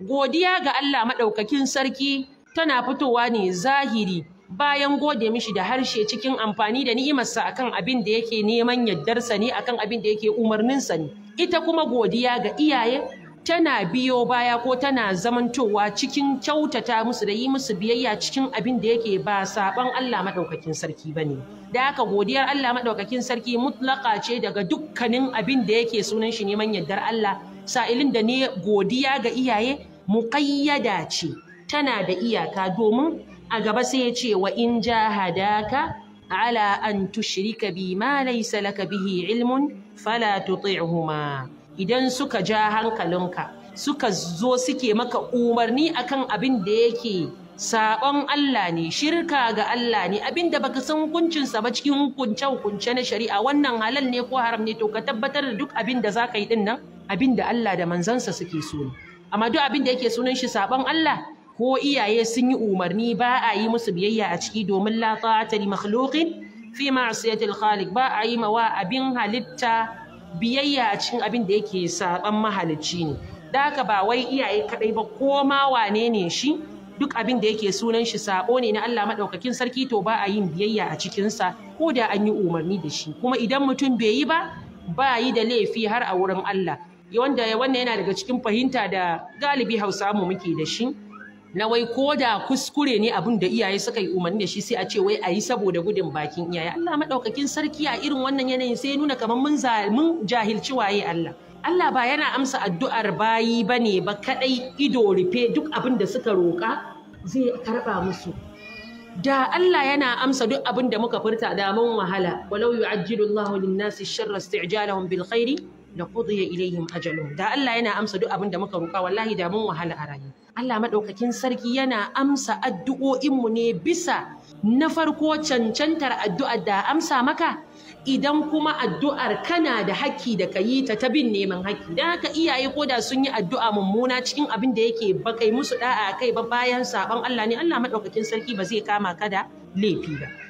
Godiya ga Allah maɗaukakin sarki tana fitowa ne zahiri bayan gode mishi da harshe cikin amfani da ni'imarsa akan abin da yake neman yardarsa ne akan abin da yake umarninsa ne. Ita kuma godiya ga iyaye tana biyo baya ko tana zamantowa cikin kyautata musu da yi musu biyayya cikin abin da yake ba saɓan Allah maɗaukakin sarki ba ne. Da haka godiyar Allah maɗaukakin sarki mutlaka ce daga dukkanin abin da yake sunan shi neman yardar Allah sa'ilin da ne godiya ga iyaye muƙayyada ce tana da iyaka domin a gaba sai ya ce wa in jahadaka ala an tushrika bi ma laysa laka bihi ilmun fala tuti'huma idan suka ja hankalinka suka zo suke maka umarni akan abin da yake saɓon Allah ne shirka ga Allah ne abinda baka san hukuncinsa ba cikin hukunce hukunce na shari'a wannan halal ne ko haram ne to ka tabbatar da duk abin da zaka yi din nan abin da Allah da manzansa suke so ne amma duk abin da yake sunan shi saban Allah ko iyaye sun yi umarni ba a yi musu biyayya a ciki domin la ta'ata li makhluqin fi ma'siyatil khaliq ba a yi mawa abin halitta biyayya a cikin abin da yake saban mahalicci ne da haka ba wai iyaye kadai ba ko ma wane ne shi duk abin da yake sunan shi sabo ne na Allah madaukakin sarki to ba a yin biyayya a cikin sa ko da an yi umarni da shi kuma idan mutum bai yi ba ba yi da laifi har a wurin Allah wanda wannan yana daga cikin fahimta da galibi hausa mu muke da shi na wai ko da kuskure ne abin da iyaye suka yi umarni da shi sai a ce wai a yi saboda gudun bakin iyaye Allah madaukakin sarki a irin wannan yanayin sai nuna kamar mun mun jahilci waye Allah Allah ba yana amsa addu'ar bayi bane ba kadai ido rufe duk abin da suka roka zai karba musu da Allah yana amsa duk abin da muka furta da mun wahala walau yu'ajjilu Allahu lin-nasi sharra isti'jalahum bil khairi la qudiya ilaihim ajalun da Allah yana amsa duk abin da muka roƙa wallahi da mun wahala a rayu Allah madaukakin sarki yana amsa addu'o'inmu ne bisa na farko cancantar addu'ar da amsa maka idan kuma addu'ar kana da haƙƙi da kayi ta ta bin neman haƙƙi dan haka iyaye ko da sun yi addu'a mummuna cikin abin da yake bakai, kai musu da'a kai ba bayan saban Allah ne Allah madaukakin sarki ba zai kama ka da laifi ba